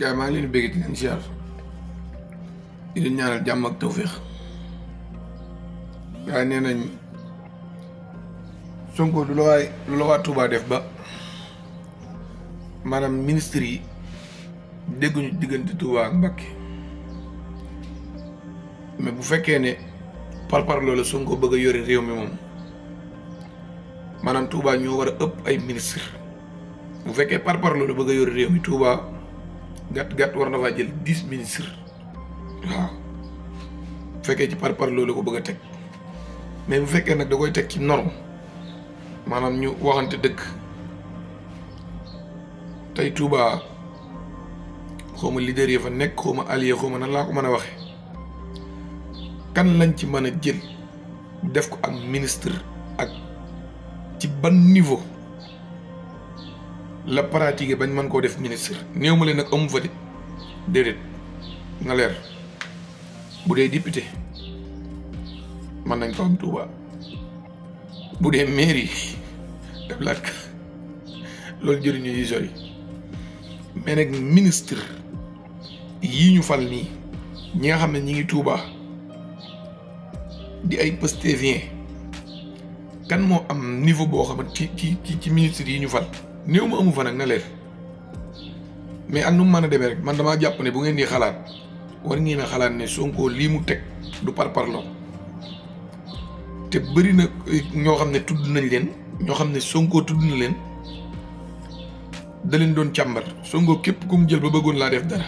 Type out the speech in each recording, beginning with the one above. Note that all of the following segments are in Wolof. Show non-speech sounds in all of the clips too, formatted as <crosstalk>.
gaay maa ngi leen di bëgg di leen ziar di leen jàmm ak tawféex gaay nee nañ Sonko du la waay du la waa Touba def ba maanaam ministre yi dégguñu diggante tuubaa ak Mbacké mais bu fekkee ne parpar loolu Sonko bëgg a yore réew mi moom maanaam Touba ñoo war a ëpp ay ministre bu fekkee parpar loolu bëgg a yore réew mi Touba. gàtt gàtt war na faa jël dix ministre waaw bu fekkee ci par par loolu ko bëgg a teg mais bu fekkee nag da koy teg ci norme maanaam ñu waxante dëkk tey Touba xaw ma leader yi fa nekk xaw ma allié xaw ma nan laa ko mën a waxe kan lañ ci mën a jël def ko ak ministre ak ci ban niveau. la pratiquer bañ mën koo def ministre néew ma leen nag amu fa de déedéet na leer bu dee député man nañ ko am Touba bu dee mairie <laughs> def laaj loolu jëriñu yi sori mais nag ministre yii ñu fal nii ñi nga xam ne ñi ngi Touba di ay Pastefien kan moo am niveau boo xam ne ci ci ci ministre yi ñu fal néew ma amu fa nag na leer mais am nu mu mën a demee rek man damaa jàpp ne bu ngeen di xalaat war ngeen a xalaat ne Sonko lii mu teg du parparloo te bëri na eh, ñoo xam ne tudd nañ leen ñoo xam ne Sonko tudd na leen da doon càmbar Sonko képp ku mu jël ba bëggoon laa def dara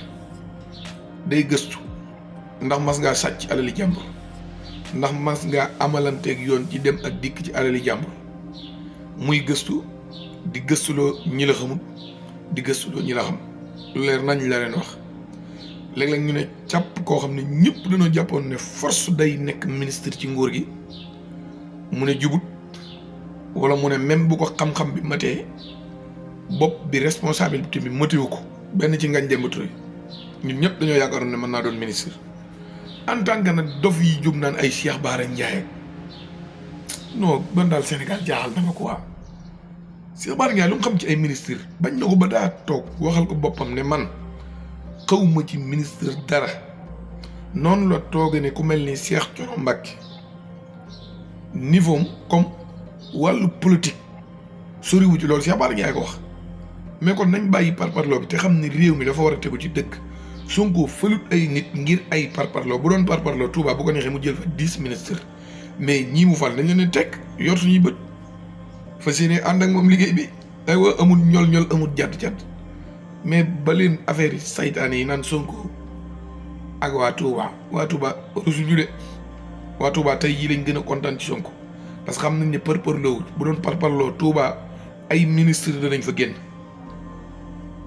day gëstu ndax mas ngaa sàcc alali jàmbur ndax mas ngaa amalanteek yoon ci dem ak dikk ci alali jàmbur muy gëstu. di gëstuloo ñi la xamul di gëstuloo ñi la xam lu leer nañ la leen wax léeg-léeg ñu ne càpp koo xam ne ñëpp dañoo jàppoon ne force day nekk ministre ci nguur gi mu ne jubut wala mu ne même bu ko xam-xam bi matee bopp bi responsabilité bi matewu ko benn ci ngañ jëmbature yi ñun ñëpp dañoo yaakaaroon na mën naa doon ministre en tant que nag dof yi jub naan ay Cheikh Bara Ndiaye noo ban daal Sénégal jaaxal na ma quoi Cheikh Bara Ndiaye lu xam ci ay ministre bañ nako ko ba daa toog waxal ko bopam ne man xawma ci ministre dara non la tooge ne ku melni Cheikh toro Mbacké niveau comme walu politique sori wu ci lol Cheikh Bara Ndiaye ko wax mais kon nañ bàyyi parparloo bi te xamni ne mi dafa wara teggu ci dëkk Sonko felut ay nit ngir ay parparloo bu doon parparloo Touba bu ko neexee mu jël fa 10 ministres mais ñi mu fal dañ leen ne yortu ñi beut fas yéene ànd ak moom liggéey bi aywa amul ñol ñol amul jadd jadd mais ba leen affaire yi saytaane yi naan Sonko ak waa Touba waa Touba rusuñu de waa Touba tey jii lañ gën a kontaan ci Sonko parce que xam nañ ne parparloo bu doon par parloo Touba ay ministre danañ fa génn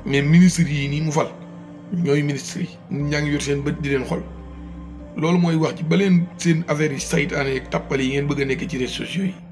mais ministre yii nii mu fal ñooy ministre yi ñaa ngi yor seen bët di leen xol loolu mooy wax ci ba leen seen affaire yi saytaane ak tappale yi ngeen bëgg a nekk ci réseaux sociaux yi